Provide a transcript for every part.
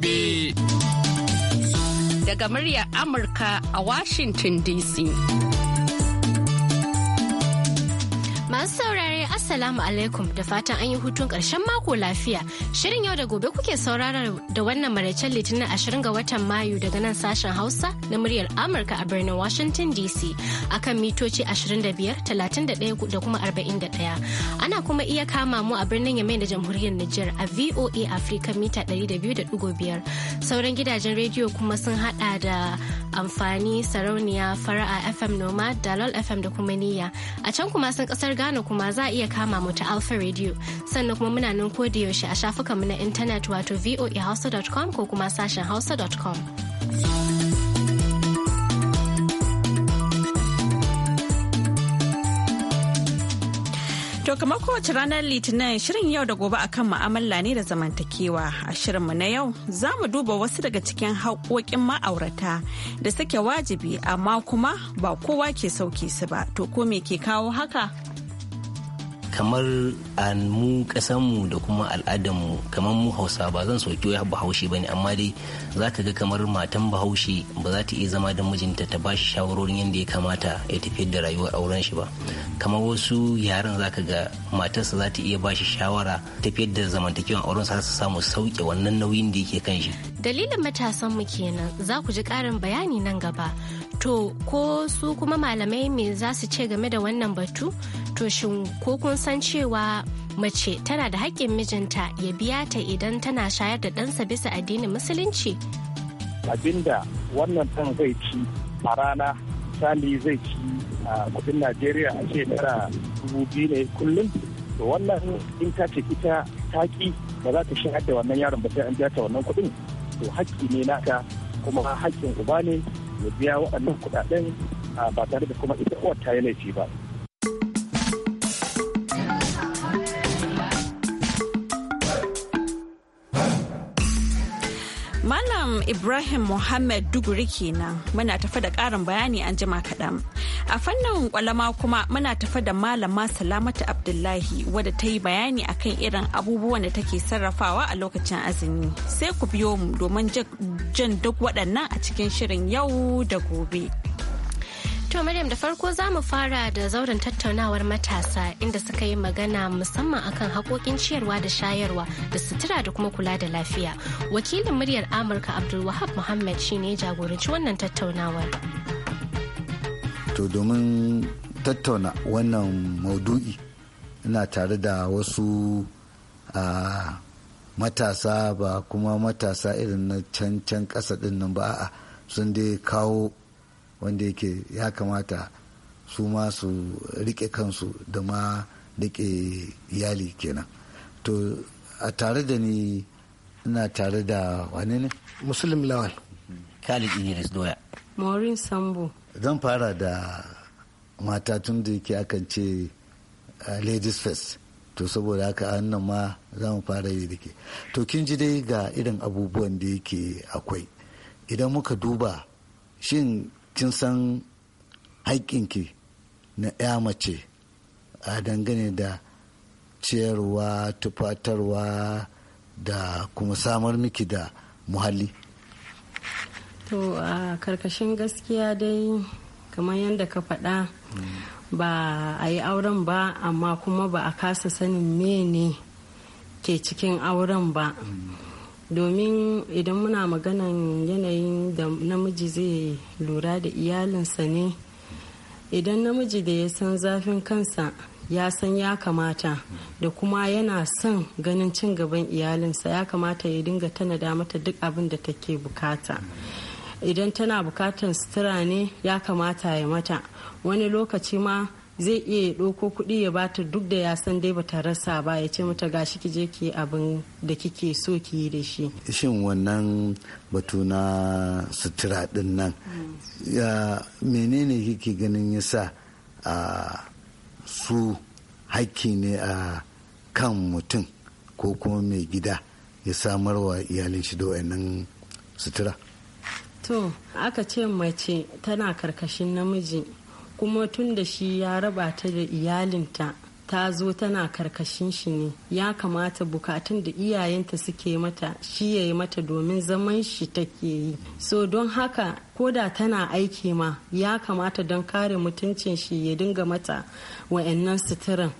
gobe. Daga murya Amurka a Washington DC. Masu Assalamu alaikum da fatan an yi hutun karshen mako lafiya. Shirin yau da gobe kuke saurara da wannan maraicen litinin ashirin ga watan Mayu daga nan sashen Hausa na muryar Amurka a birnin Washington DC akan mitoci 25, 31 da kuma 41. Ana kuma iya kama mu a birnin Yamai da jamhuriyar Nijar a VOA Africa mita biyar Sauran gidajen rediyo kuma sun hada da amfani sarauniya fara'a FM Noma, Dalol FM da kuma Niyya. A can kuma sun kasar Ghana kuma za a iya kama kama mu ta Alpha Radio. Sannan kuma muna nan ko da yaushe a shafukanmu na intanet wato voahausa.com ko kuma sashen hausa.com. To kamar kowace ranar Litinin shirin yau da gobe akan mu'amala ne da zamantakewa a shirin mu na yau za mu duba wasu daga cikin haƙoƙin ma'aurata da suke wajibi amma kuma ba kowa ke sauke su ba to ko me ke kawo haka? kamar a mu kasanmu da kuma al'adarmu kamar mu hausa ba zan soki ya bahaushe ba ne amma dai za ka ga kamar matan bahaushe ba za ta iya zama da mijinta ta ba shi shawarorin yadda ya kamata ya tafiyar da rayuwar auren shi ba kamar wasu yaran za ka ga matarsa za ta iya ba shi shawara tafiyar da zamantakewar auren sa su samu sauke wannan nauyin da yake kan shi dalilin matasan mu kenan za ku ji karin bayani nan gaba to ko su kuma malamai me za su ce game da wannan batu to shin ko kun san cewa mace tana da haƙƙin mijinta ya biya ta idan tana shayar da ɗansa bisa addinin musulunci abinda wannan ɗan zai ci a rana Sani zai ci a kudin najeriya a shekara dubu biyu ne kullum to wannan in ta ce ita taƙi, ba za ta shayar da wannan yaron ba sai an biya ta wannan kuɗin to haƙƙi ne naka kuma haƙƙin uba ne ya biya waɗannan kuɗaɗen ah, ba tare da kuma ita uwar ta yi laifi ba Ibrahim Muhammad Duguri kenan muna tafa da ƙarin bayani an jima kaɗan. A fannin kwalama kuma muna tafa da Malama Salamatu Abdullahi wadda ta yi bayani akan irin abubuwan da take sarrafawa a lokacin azumi. Sai ku biyo mu domin jan duk waɗannan a cikin shirin yau da gobe. To Maryam da farko za mu fara da zauren tattaunawar matasa inda suka yi magana musamman akan haƙoƙin ciyarwa da shayarwa da sutura da kuma kula da lafiya. Wakilin muryar Amurka Abdulwahab Muhammad shi ne jagoranci wannan tattaunawar. To domin tattauna wannan maudu'i ina tare da wasu a matasa ba kuma matasa irin na can can ƙasa ɗin nan ba a sun dai kawo wanda yake ya kamata su ma su rike kansu da ma rike iyali kenan to a tare da ni ina tare da wane ne muslim lawal khalid idris doya maurin sambo zan fara da mata tun da yake akan ce uh, ladies first to saboda haka annan ma za mu fara yi da ke to kin ji dai ga irin abubuwan da yake akwai idan muka duba shin kin san haƙƙinki na ya mace a dangane da ciyarwa tufatarwa da kuma samar miki da muhalli to a karkashin gaskiya dai kamar yadda ka faɗa ba a yi auren ba amma kuma ba a kasa sanin ne ke cikin auren ba mm. domin idan muna maganan yanayin da namiji zai lura da iyalinsa ne idan namiji da ya san zafin kansa ya san ya kamata da kuma yana son ganin cin gaban iyalinsa ya kamata ya dinga tanada mata duk abin da take bukata idan tana bukatan sutura ne ya kamata ya mata wani lokaci ma zai iya ɗauko kuɗi ya bata duk da ya san dai bata rasa ba ya ce mata gashi ki je ki abin da kike so ki yi da shi shin wannan batu na sutura din nan menene kike ganin yasa a su hakki ne a kan mutum ko kuma mai gida ya samarwa iyalin shi da wayannan sutura to aka ce mace tana karkashin namiji kuma tun da shi ya raba ta da iyalinta ta zo tana karkashin shi ne ya kamata bukatun da iyayenta suke mata shi ya yi mata domin zaman shi take yi so don haka ko da tana aiki ma ya kamata don kare mutuncin shi ya dinga mata wa'annan suturan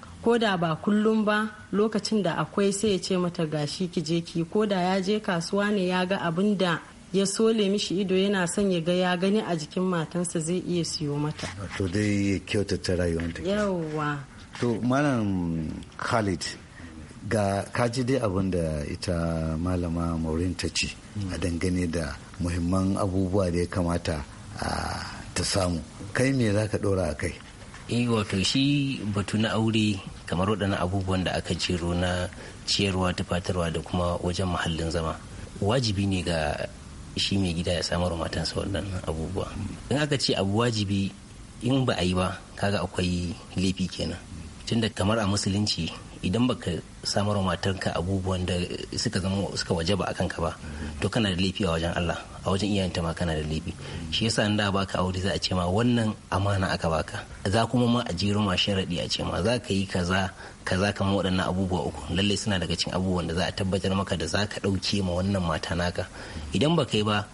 da ba kullum ba lokacin da akwai sai ya ce mata gashi ki je ki koda ya je kasuwa ne ya ga abin da ya sole mishi ido yana son ya ga ya gani a jikin matansa zai iya siyo mata to dai ya kyautata rayuwanta yawwa to malam khalid ga kaji dai abin da ita malama maurin ta ce a dangane da muhimman abubuwa da ya kamata ta samu kai me za ka ɗora a kai eh wato shi batu na aure kamar waɗannan abubuwan da aka jero na ciyarwa fatarwa da kuma wajen muhallin zama wajibi ne ga shi mai gida ya samar wa matansa waɗannan abubuwa in aka ce abu wajibi in ba a yi ba kaga akwai laifi kenan tunda kamar a musulunci idan baka samar wa matarka abubuwan da suka zama suka waje ba a kanka ba to kana da laifi a wajen Allah a wajen iyayenta ma kana da laifi shi yasa da baka aure za a ce ma wannan amana aka baka za kuma ma a jiro ma sharadi a ce ma za ka yi kaza kaza kamar waɗannan abubuwa uku Lalle suna daga cikin abubuwan da za a tabbatar maka da za ka ɗauke ma wannan mata naka idan baka yi ba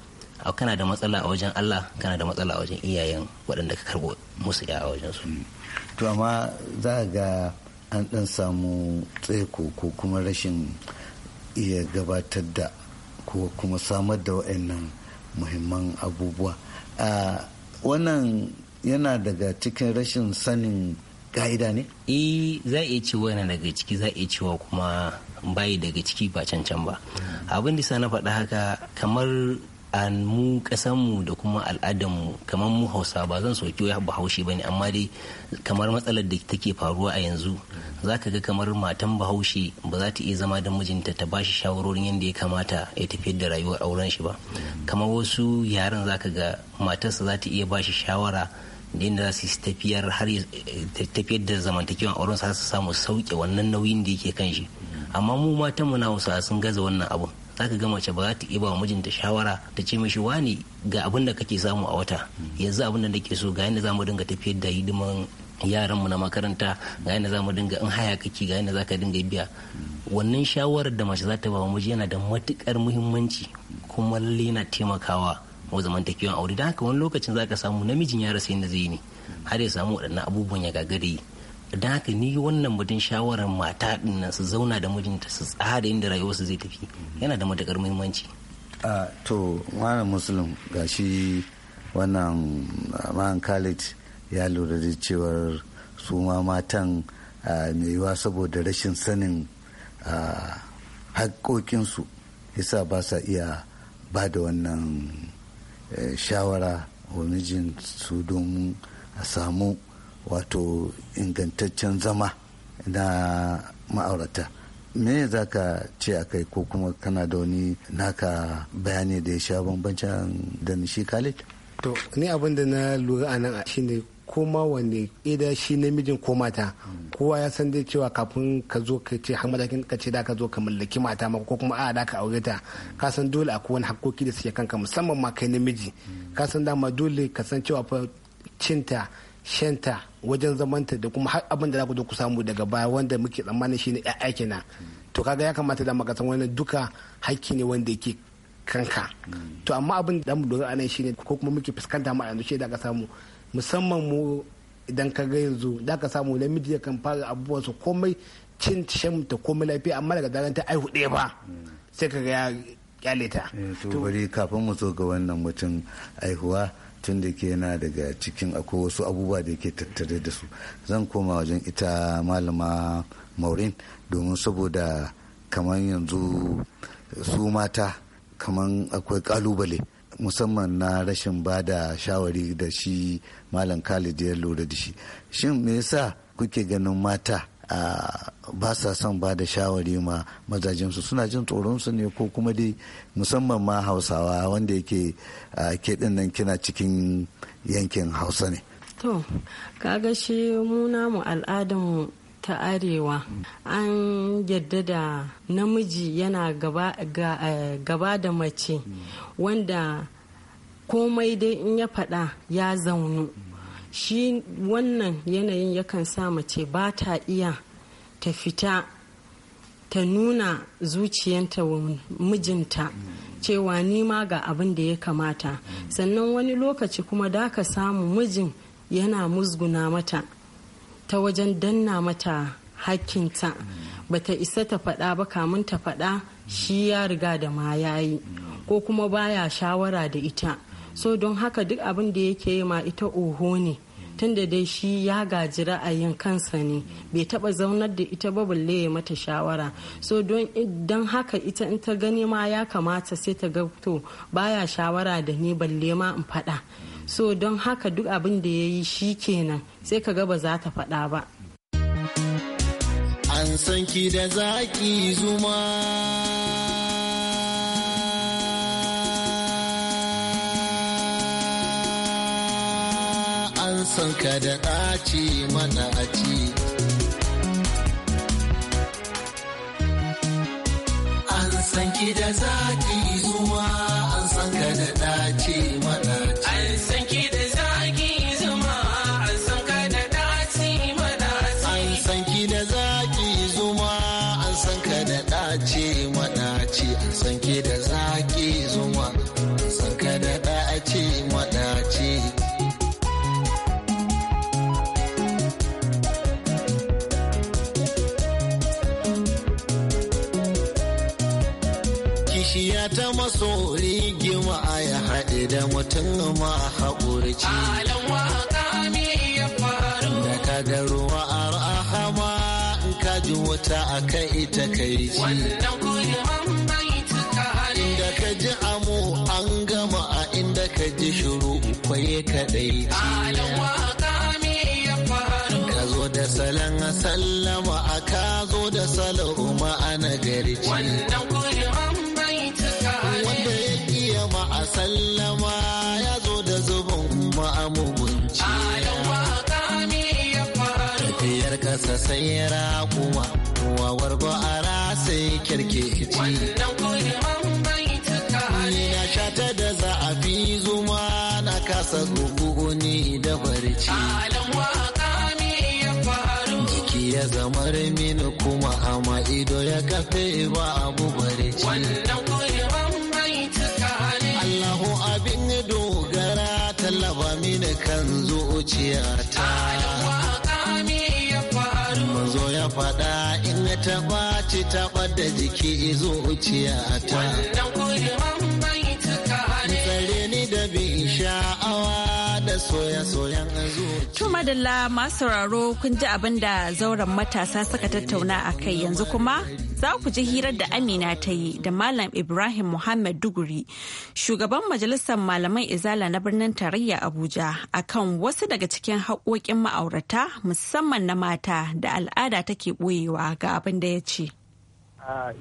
kana da matsala a wajen Allah kana da matsala a wajen iyayen waɗanda ka karɓo musu ya a wajen su to amma za ga an ɗan samu tseko ko kuma rashin iya gabatar da ko kuma samar da wa'annan muhimman abubuwa wannan yana daga cikin rashin sanin ƙa'ida ne? eh za a iya cewa yana daga ciki za a iya cewa kuma bayi daga ciki ba cancan ba hmm. abin da sa na faɗa haka kamar an mu kasanmu da kuma al'adarmu kamar mu hausa ba zan soki wai bahaushe ba ne amma dai kamar matsalar da take faruwa a yanzu za ka ga kamar matan bahaushe ba za ta iya zama da mijinta ta bashi shawarorin yadda ya kamata ya tafi da rayuwar auren shi ba kamar wasu yaran za ka ga matarsa za ta iya bashi shawara da yadda za su tafiyar har tafiyar da zamantakewan auren sa su samu sauke wannan nauyin da yake kan shi amma mu matan mu na hausa sun gaza wannan abun za ka ga mace ba za ta iya ba mijinta shawara ta ce mishi wani ga abin da kake samu a wata yanzu abin da nake so ga yadda za mu dinga tafiyar da hidiman mu na makaranta ga yadda za mu dinga in haya kake ga yadda za ka dinga biya wannan shawarar da mace za ta ba mu miji yana da matukar muhimmanci kuma lalle yana taimakawa wa zamantakewan aure da haka wani lokacin za ka samu namijin ya rasa yadda zai ne har ya samu waɗannan abubuwan ya gagare don haka ni wannan mutum shawarar mata dinnan su zauna da mijinta su tsara inda rayuwarsu zai tafi yana da matakar muhimmanci a to wani muslim ga shi wannan man khalid ya lura da cewa su ma matan ne yiwa saboda rashin sanin haƙoƙinsu yasa ba sa iya ba da wannan eh, shawara wa mijin su domin a samu wato ingantaccen zama na ma'aurata me za ka ce a kai ko kuma kana da wani naka bayani da ya sha bambancin da shi khalid to ni abin da na lura a nan shine koma wanne ida shi namijin ko mata kowa ya san dai cewa kafin ka zo ka ce har matakin ka ce da ka zo ka mallaki mata ma ko kuma a da ka aure ta ka san dole akwai wani hakkoki da suke kanka musamman ma kai namiji ka san dama dole ka san cewa fa cinta shanta wajen zamanta da kuma har abin da za ku zo ku samu daga baya wanda muke tsammanin shine yaya kenan to kaga ya kamata da maka san wannan duka hakki ne wanda yake kanka to amma abin da mu dogara anan shine ko kuma muke fuskanta mu a yanzu shi da ka samu musamman mu idan ka ga yanzu da ka samu namiji ya kan fara abubuwan su komai cin ta komai lafiya amma daga daren ta aihu ɗaya ba sai ka ga ya kyale eh, to bari kafin mu zo ga wannan mutum aihuwa tun da ke yana daga cikin akwai wasu abubuwa da ke tattare da su zan koma wajen ita malama maurin domin saboda kamar yanzu su mata kamar akwai kalubale musamman na rashin ba da shawari da shi malam khalid ya lura da shi shin me yasa kuke ganin mata ba sa son ba da shawari ma mazajensu suna jin tsoron su ne ko kuma dai musamman ma hausawa wanda yake ke nan kina cikin yankin hausa ne to kaga shi mu namu al'adun ta arewa an yadda da namiji yana gaba da mace wanda komai dai in ya faɗa ya zaunu shi wannan yanayin yakan sa mace ba ta iya ta fita ta nuna zuciyanta wa mijinta cewa nima ga abin da ya kamata sannan wani lokaci kuma da ka samu mijin yana musguna mata ta wajen danna mata hakkinta ta isa ta faɗa ba kamun ta faɗa shi ya riga da ma yayi ko kuma baya shawara da ita so don haka duk abin da yake yi ma ita oho ne tunda dai shi ya gaji ra'ayin kansa ne bai taba zaunar da ita ba balle ya mata shawara so don haka ita in ta gani ma ya kamata sai ta ga to baya shawara da ni balle ma in faɗa so don haka duk abin da ya yi shi kenan sai ka ga ba za ta faɗa ba an san ki da zaki zuma san ka da ɗaci mana a ci. An san ki da zaki zuwa. mutum ma haƙurci. Da ka ga ruwa a rahama in ka ji wuta a kan ita kai ci. Inda ka ji amu an gama a inda ka ji shuru kwaye kaɗai ci. da salon sallama a ka zo da salon ma'ana garci. Wannan sai raƙuma uwa wargo a rasa kirkici na shata da za a fi zuma na kasa ne da barci jiki ya zama min kuma amma ido ya kafe ba abu barci Allahu abin dogara talaba mini kan zuciyata. faɗa in ta ɓaci ta ɓadda jiki izo ciyata? ta. Wannan kuliman bai tuka ne. Tsare ni da bin sha'a tun madalla masu sauraro kun ji abin da zauren matasa suka tattauna a kai yanzu kuma za ku ji hirar da Amina ta yi da Malam Ibrahim Muhammad Duguri, shugaban majalisar malaman Izala na birnin tarayya Abuja akan wasu daga cikin haƙoƙin ma'aurata musamman na mata da al'ada take ɓoyewa ga abin da ya ce.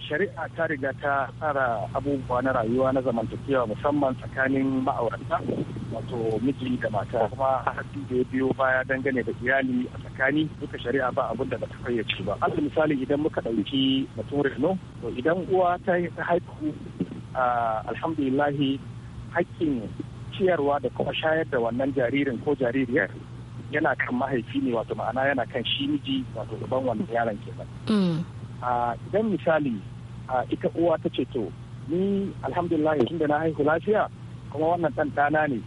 shari'a ta riga ta tsara abubuwa na rayuwa na zamantakewa musamman tsakanin ma'aurata wato miji da mata kuma haɗi da ya biyo baya dangane da iyali a tsakani duka shari'a ba abin da ta fayyace ba alal misali idan muka ɗauki batun reno to idan uwa ta yi ta haihu alhamdulillahi hakkin ciyarwa da kuma shayar da wannan jaririn ko jaririyar yana kan mahaifi ne wato ma'ana yana kan shi miji wato gaban wannan yaron kenan mm. idan misali ita uwa ta ce to ni alhamdulillah tun da na haihu lafiya kuma wannan ɗan ɗana ne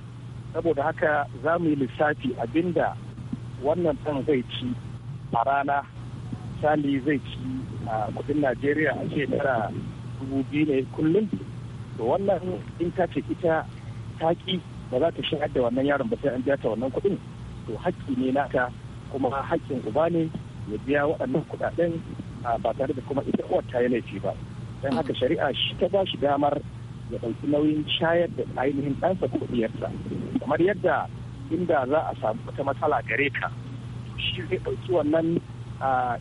saboda haka za mu yi lissafi abinda wannan ɗan zai ci a rana misali zai ci a kudin najeriya a shekara dubu biyu ne kullum to wannan in ta ce ita taƙi ba za ta shayar da wannan yaron ba sai an biya wannan kuɗin to haƙƙi ne naka kuma haƙƙin uba ne ya biya waɗannan kuɗaɗen ba tare da kuma ita uwar ta yi laifi ba don haka shari'a shi ta ba shi damar ya ɗauki nauyin shayar da ainihin ɗansa ko ɗiyarsa kamar yadda inda za a samu wata matsala gare ka shi zai ɗauki wannan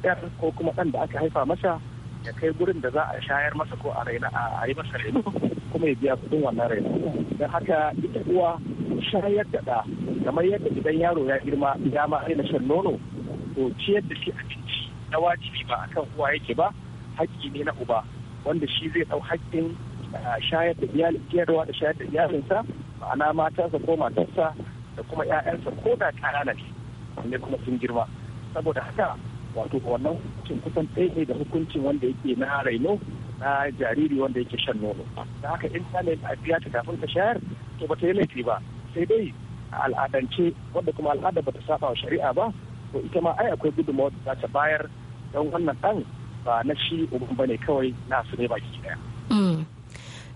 ɗan ko kuma ɗan da aka haifa masa ya kai gurin da za a shayar masa ko a raina a yi masa raino kuma ya biya kuɗin wannan raino don haka ita uwa shayar da ɗa kamar yadda idan yaro ya girma ya ma aina shan nono to ciyar da shi abinci na wajibi ba akan uwa yake ba haƙƙi ne na uba wanda shi zai ɗau haƙƙin shayar da iyalin ciyarwa da shayar da iyalinsa ma'ana matarsa ko matarsa da kuma 'ya'yansa ko da ƙanana ne ne kuma sun girma saboda haka wato wannan hukuncin kusan ɗaya ne da hukuncin wanda yake na raino na jariri wanda yake shan nono da haka in ta a biya ta kafin ta shayar to ba ta yi laifi ba sai dai a al'adance wanda kuma al'ada ba ta saba wa shari'a ba to ita ma ai akwai gudunmawar da za ta bayar don wannan ɗan ba na shi uban bane kawai na su ne baki daya. Mm.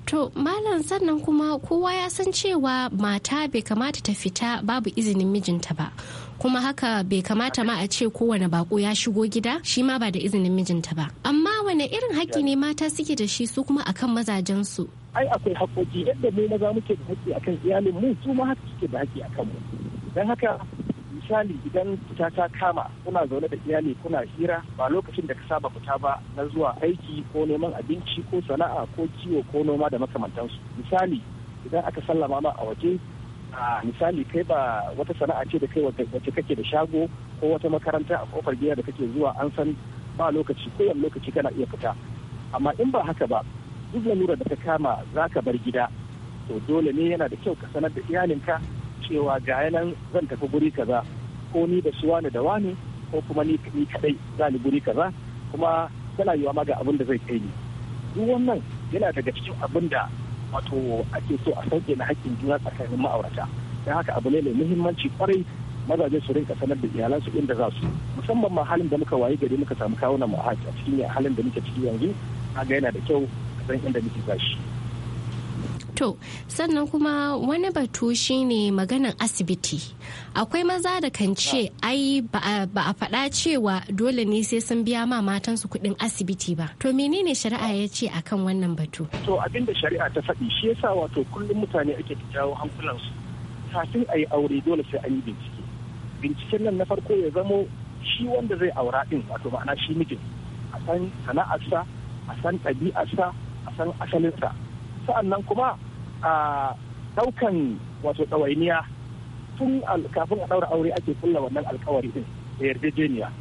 To malam sannan kuma kowa ya san cewa mata bai kamata ta fita babu izinin mijinta ba. kuma haka bai kamata ma a ce kowane bako ya shigo gida shi ma ba da izinin mijinta ba amma wane irin haƙƙi ne mata suke da shi su kuma akan mazajen su ai akwai haƙƙoƙi yadda mu maza muke da haƙƙi akan iyalin mu su ma haka suke da haƙƙi akan mu dan haka misali idan fita ta kama kuna zaune da iyali kuna hira ba lokacin da ka saba fita ba na zuwa aiki ko neman abinci ko sana'a ko kiwo ko noma da makamantansu misali idan aka sallama ma a waje a misali kai ba wata sana'a ce da kai wacce kake da shago ko wata makaranta a kofar gida da kake zuwa an san ba lokaci ko kowane lokaci kana iya fita amma in ba haka ba duk lalura da ta kama za ka bar gida to dole ne yana da kyau ka sanar da iyalinka cewa ga nan zan tafi guri kaza ko ni da suwa da wani ko kuma ni kadai za ni guri kaza kuma tana yiwa ma ga abin da zai kai ni duk wannan yana daga cikin abin da wato ake so a sauke na hakkin juna tsakanin ma'aurata don haka abu ne mai muhimmanci kwarai mazaje su rinka sanar da iyalansu inda za su musamman ma halin da muka waye gari muka samu kawunan mu a cikin halin da muke ciki yanzu a ga yana da kyau a san inda muke zashi. to sannan kuma wani batu shine maganan asibiti akwai maza da kan ce ai ba a faɗa cewa dole ne sai sun biya ma matansu kuɗin asibiti ba to menene shari'a ya ce akan wannan batu to abinda shari'a ta faɗi shi yasa wato kullum mutane ake jawo hankulansu kafin a yi aure dole sai an yi bincike binciken nan na farko ya zamo shi wanda zai aura ɗin wato ma'ana shi mijin a san sana'arsa a san ɗabi'arsa a san asalinsa sa'annan kuma a daukan wato tsawainiya tun kafin a ɗaura aure ake kulla wannan alkawari din da yarjejeniya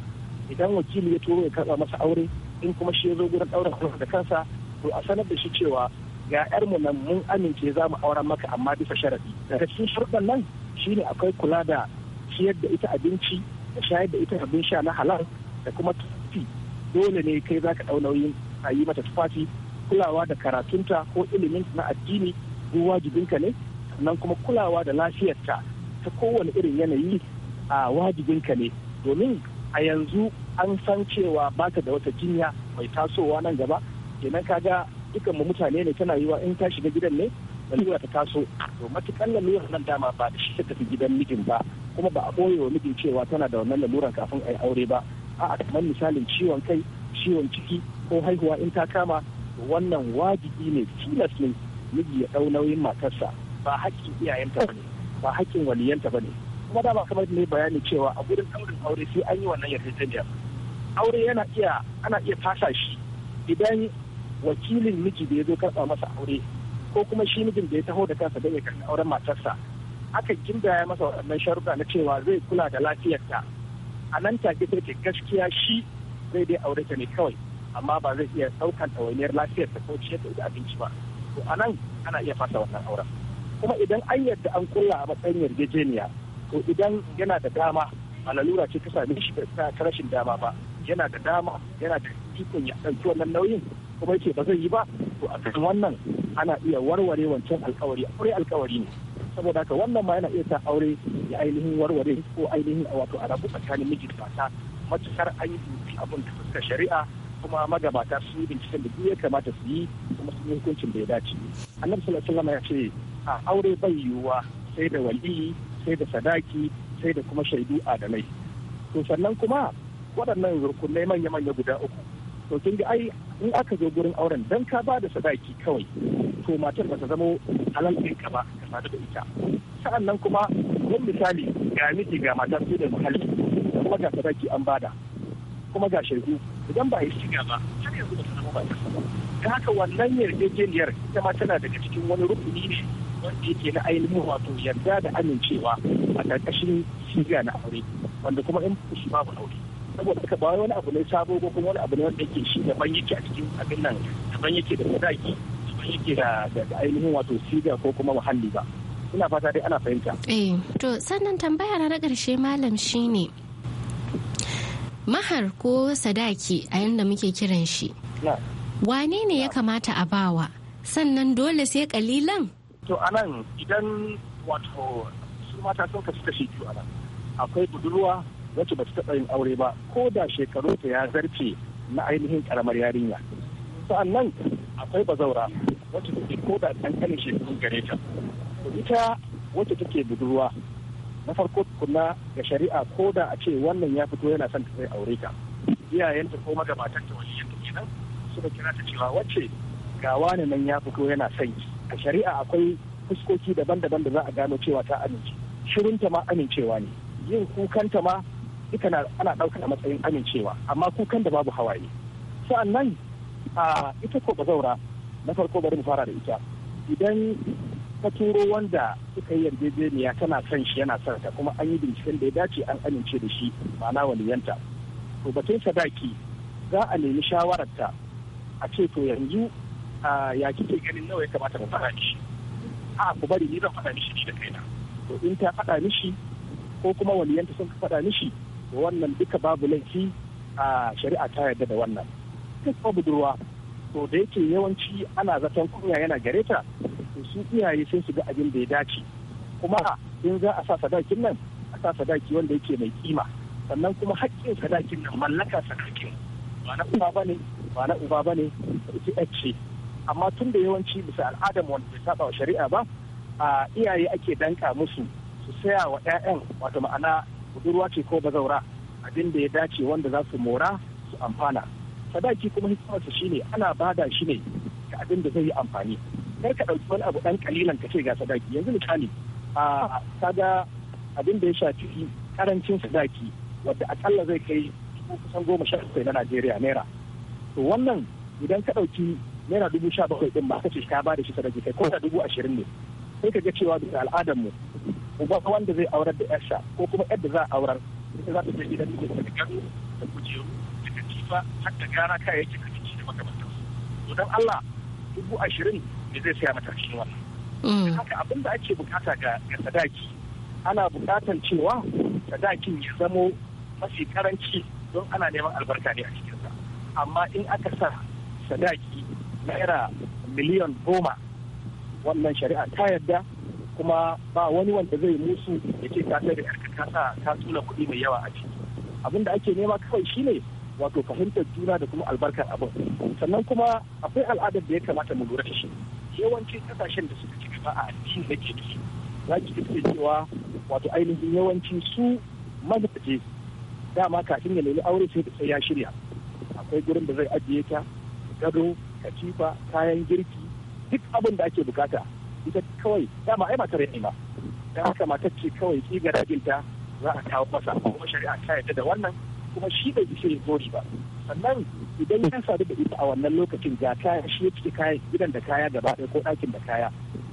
idan wakili ya turo ya karɓa masa aure in kuma shi ya zo gurin ɗaura aure da kansa to a sanar da shi cewa ga yarmu nan mun amince za mu auren maka amma bisa sharaɗi daga cikin sharuɗan nan shine akwai kula da ciyar da ita abinci da shayar da ita abin sha na halal da kuma tufafi dole ne kai za ka ɗau nauyin a yi mata tufafi kulawa da karatunta ko ilimin na addini duk wajibinka ne sannan kuma kulawa da lafiyarta ta kowane irin yanayi a wajibinka ne domin a yanzu an san cewa bata da wata jinya mai tasowa nan gaba kenan kaga dukan mu mutane ne tana yiwa in ta shiga gidan ne lalura ta taso to matukan lalura nan dama ba da shi ta tafi gidan mijin ba kuma ba a ɓoye wa mijin cewa tana da wannan lalura kafin a yi aure ba a a'a kamar misalin ciwon kai ciwon ciki ko haihuwa in ta kama wannan wajibi ne tilas ne miji ya ɗau nauyin matarsa ba haƙƙin iyayenta ba ne ba haƙƙin waliyanta ba ne kuma da ba kamar ne bayani cewa a gurin ɗaurin aure sai an yi wannan yarjejeniyar aure yana iya ana iya fasa shi idan wakilin miji da ya zo karɓa masa aure ko kuma shi mijin da ya taho da kansa don ya karɓi auren matarsa aka gindaya masa waɗannan sharuɗa na cewa zai kula da lafiyarta a nan take sai ke gaskiya shi zai dai aure ta ne kawai amma ba zai iya ɗaukan ɗawainiyar lafiyarta ko ciyar da abinci ba to a nan ana iya fasa wannan auren kuma idan an yadda an kulla a matsayin yarjejeniya to idan yana da dama a lalura ce ta same shi ta rashin dama ba yana da dama yana da ikon ya ɗauki wannan nauyin kuma yake ba zai yi ba to a kan wannan ana iya warware wancan alkawari aure alkawari ne saboda haka wannan ma yana iya sa aure ya ainihin warware ko ainihin wato a rabu tsakanin miji mata matukar an yi abin da fuskar shari'a kuma magabata su yi binciken da duk ya kamata su yi kuma sun yi hukuncin da ya dace annabi sallallahu alaihi ya ce a aure bai yiwuwa sai da waliyi sai da sadaki sai da kuma shaidu a adalai to sannan kuma waɗannan rukunai manya-manya guda uku to kin ga ai in aka zo gurin auren dan ka ba da sadaki kawai to matar ba ta zama halal ka ba ka sadu da ita sa'an nan kuma don misali ga miji ga mata su da muhalli kuma ga sadaki an bada kuma ga shaidu idan ba a yi shiga ba har yanzu ba ta zama ba ta haka wannan yarjejeniyar ita ma tana daga cikin wani rukuni ne wanda yake na ainihin wato yarda da amincewa a ƙarƙashin shiga na aure wanda kuma in shi ba aure saboda haka ba wani abu ne sabo ko kuma wani abu ne wanda yake shi daban yake a cikin abin nan daban yake da sadaki daban yake da ainihin wato shirya ko kuma muhalli ba ina fata dai ana fahimta. eh to sannan tambaya na na ƙarshe malam shine mahar ko sadaki a yadda muke kiran shi wane ne ya kamata a bawa sannan dole sai kalilan to anan idan wato su mata sun kasu kashi biyu anan akwai budurwa wacce ba ta yin aure ba ko da ta ya zarce na ainihin karamar yarinya sa'annan akwai bazaura wacce take ko da ɗan shekaru shekarun gare ta ita wacce take budurwa na farko tukunna ga shari'a ko da a ce wannan ya fito yana son ta zai aure ta iyayenta ko magabatan ta waliyanta kenan suka kira ta cewa wacce ga wani nan ya fito yana son ki a shari'a akwai fuskoki daban-daban da za a gano cewa ta amince ta ma amincewa ne yin kukanta ma duka ana ɗaukar a matsayin amincewa amma kukan da babu hawaye sa'annan a ita ko bazaura na farko bari mu fara da ita idan ta turo wanda suka yi yarjejeniya tana son shi yana son ta kuma an yi binciken da ya dace an amince da shi ma'ana waliyanta to batun sadaki za a nemi shawararta a ce to yanzu ya kike ganin nawa ya kamata mu faɗa mishi a ku bari ni zan faɗa mishi ni da kaina to in ta faɗa mishi ko kuma waliyanta sun faɗa mishi wannan duka babu laifi a shari'a ta yarda da wannan duk budurwa to da yake yawanci ana zaton kunya yana gare ta to su iyaye sai su ga abin da ya dace kuma in za a sa sadakin nan a sa sadaki wanda yake mai kima sannan kuma haƙƙin sadakin nan mallaka sadakin ba na uba bane ba na uba bane ki ce amma tun da yawanci bisa al'adar wanda bai saba wa shari'a ba a iyaye ake danka musu su saya wa 'ya'yan wato ma'ana budurwa ce ko bazaura abin da ya dace wanda za su mora su amfana sadaki kuma hikimarsa shine ana bada shi ne ga abin da zai yi amfani kar ka ɗauki wani abu ɗan ƙalilan ka ce ga sadaki yanzu misali a kaga abin da ya shafi karancin sadaki wadda akalla zai kai kusan goma sha bakwai na Najeriya naira to wannan idan ka ɗauki naira dubu sha bakwai ɗin ba ka ce ka ba da shi sadaki kai ko da dubu ashirin ne sai ka ga cewa bisa al'adar mu uba wanda zai aurar da yarsa ko kuma yadda za a aurar ita za ta je gidan da ta gano da kujeru da katifa har ta gara kayayyakin abinci da makamantarsu to don Allah dubu ashirin me zai saya mata cikin wannan mm. haka abin da ake bukata ga sadaki ana bukatan cewa sadakin ya zamo mafi karanci don ana neman albarka ne a cikinsa amma in aka sa sadaki naira miliyan goma wannan shari'a ta yadda kuma ba wani wanda zai musu ya ce ta da yarka ta sa ta tula kuɗi mai yawa a ciki abin da ake nema kawai shine wato fahimtar juna da kuma albarkar abin sannan kuma akwai al'adar da ya kamata mu lura da shi yawancin kasashen da suka ci gaba a addini da ke da za ki iske cewa wato ainihin yawancin su mazaje dama kafin ya nemi aure sai da sai ya shirya akwai gurin da zai ajiye ta gado katifa kayan girki duk abin da ake bukata ita kawai dama ai matar ne ma dan haka matar ce kawai tsiga rajinta za a kawo masa kuma shari'a ta yarda da wannan kuma shi bai isa ya gori ba sannan idan ya sadu da ita a wannan lokacin ga kaya shi ya cike kaya gidan da kaya gaba ɗaya ko ɗakin da kaya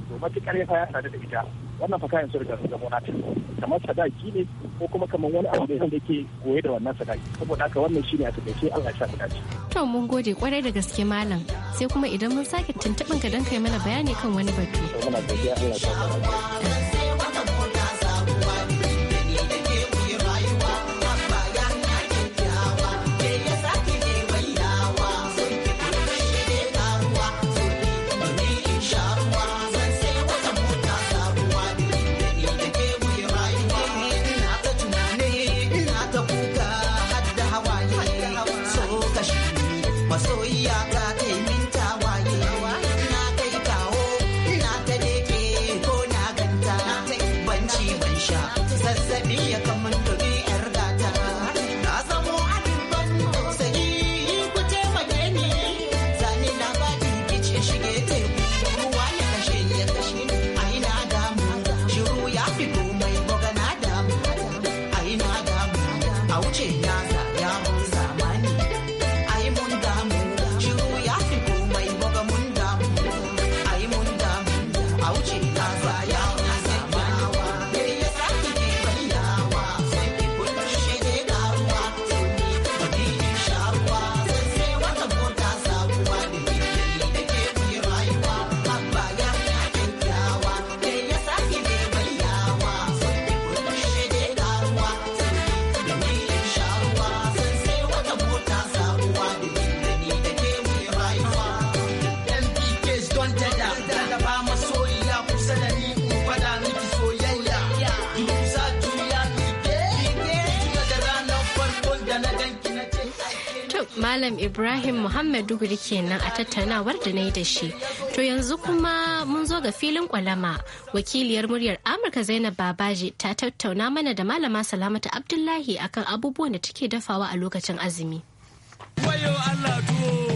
to matuƙar ya kaya sadu da ita wannan fa kayan sun riga sun zama ta kamar sadaki ne ko kuma kamar wani abu da yake goye da wannan sadaki saboda haka wannan ne a takaice Allah ya sa dace to mun gode kwarai da gaske malam sai kuma idan mun sake tuntuɓin ka don kai mana bayani kan wani batu muna godiya Allah ya sa To Malam Ibrahim Muhammad Duguri kenan a tattaunawar da na yi da shi. To yanzu kuma mun zo ga filin kwalama. Wakiliyar muryar Amurka Zainab Babaji ta tattauna mana da Malama Salamatu Abdullahi akan abubuwan da take dafawa a lokacin azumi. Allah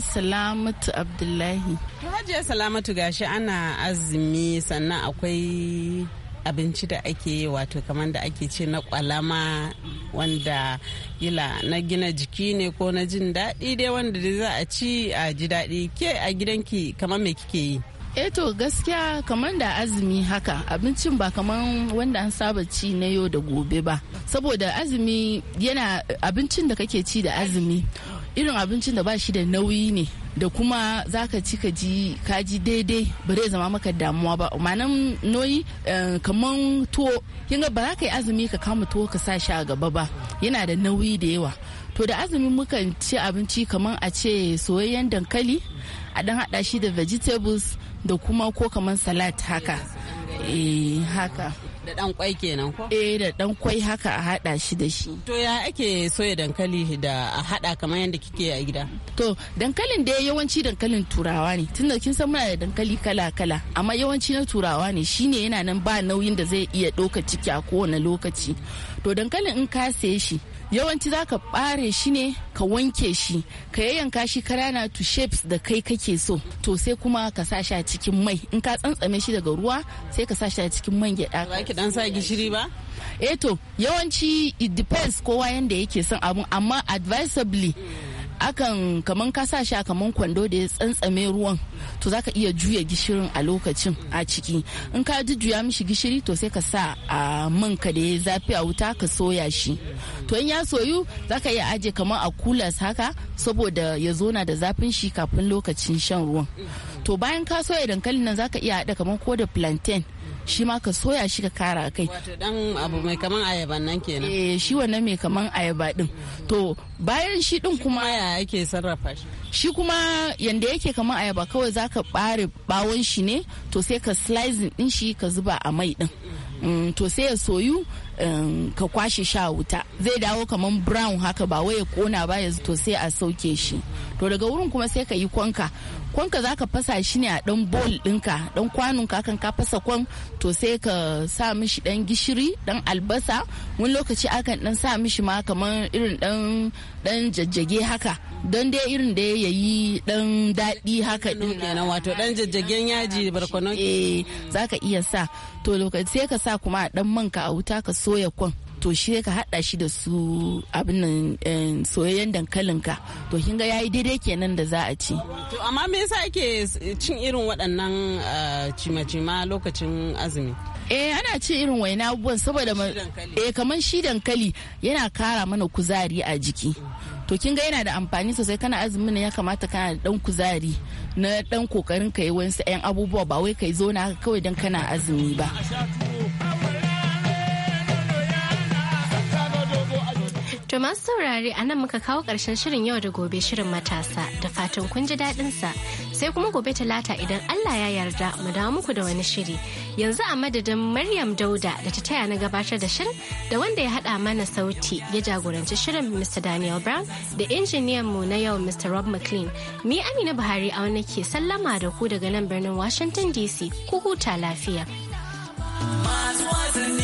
Salamatu Abdullahi. Hajiya Salamatu gashi ana azumi sannan akwai abinci da ake yi wato kamar da ake ce na kwalama wanda gila na gina jiki ne ko na jin daɗi dai wanda da za a ci a ji daɗi ke a gidanki kamar me kike yi e to gaskiya kamar da azumi haka abincin ba kamar wanda an saba ci na yau da gobe ba saboda azumi yana abincin da kake ci da azumi irin abincin da ba shi da nauyi ne da kuma za ka ci ka ji kaji daidai ba zai zama maka damuwa ba manan noyi eh, kamar tuwo kin ba za ka yi azumi ka kama tuwo ka sa shi a gaba ba yana da nauyi da yawa to da azumi muka ci abinci kamar a ce soyayyen dankali a dan hada shi da vegetables da kuma ko kamar salad haka eh haka da dan kwai kenan ko eh da dan kwai haka a hada shi da shi to ya ake soya dankali da a hada kamar yadda kike a gida to dankalin da yawanci dankalin turawa ne tunda kin san muna da dankali kala kala amma yawanci na turawa ne shine yana nan ba nauyin da zai iya doka ciki a kowane lokaci to dankalin in ka saye shi yawanci za ka ɓare shi ne ka wanke shi ka yayyanka shi karana to shapes da kai kake so to sai kuma ka sa shi a cikin mai in ka tsantsame shi daga ruwa sai ka sa shi a cikin man gyada ba ki dan sa gishiri ba eh to yawanci it depends kowa yanda yake son abun amma advisably akan kaman ka sa shi a kaman kwando da ya tsantsame ruwan to zaka iya juya gishirin a lokacin a ciki in ka jujjuya mishi gishiri to sai ka sa a man ka da ya zafi a wuta ka soya shi to in ya soyu zaka iya aje kaman a kulas haka saboda ya zona da zafin shi kafin lokacin shan ruwan to bayan ka soya dankalin nan zaka iya haɗa kaman ko da plantain shi ma ka soya shi ka kara kai wato dan abu mai kaman ayaba nan kenan eh shi wannan mai kaman ayaba din to bayan shi din kuma ya yake sarrafa shi shi kuma yanda yake kaman ayaba kawai zaka bare bawon shi ne to sai ka slicing din shi ka zuba a mai din Mm, to sai ya soyu um, ka kwashe sha wuta zai dawo kamar brown haka ba wai ya kona ba ya to sai a sauke shi to daga wurin kuma sai ka yi kwanka ka za ka fasa shi ne a ɗan bol ɗinka ɗan ka kan ka fasa kwan to sai ka sa mishi ɗan gishiri ɗan albasa wani lokaci akan ɗan sa mishi ma kamar irin ɗan jajjage haka don dai irin da ya yi ɗan daɗi haka ɗin kenan wato ɗan jajjagen yaji eh, barkonon eh za ka iya sa to lokaci sai ka sa kuma a ɗan manka a wuta ka soya kwan to shi ka hada shi da su abin nan eh, soyayyen dankalin ka to kin ga yayi daidai kenan da za a ci to amma me yasa ake cin irin waɗannan eh, cimacima lokacin azumi eh ana ci irin waina abubuwan saboda eh kamar shi dankali yana kara mana kuzari a jiki to kin ga yana da amfani sosai kana azumin ne ya kamata kana da dan kuzari na dan kokarin ka yi wani 'yan abubuwa ba wai kai zo na kawai dan kana azumi ba To masu saurare a nan muka kawo ƙarshen shirin yau da gobe shirin matasa da fatan kun ji daɗin sai kuma gobe talata idan Allah ya yarda mu dawo muku da wani shiri yanzu a madadin Maryam Dauda da ta taya na gabatar da shirin da wanda ya haɗa mana sauti ya jagoranci shirin Mr. Daniel Brown da injiniyan mu na yau Mr. Rob McLean ni Amina Buhari a wani ke sallama da ku daga nan birnin Washington DC ku huta lafiya. Masu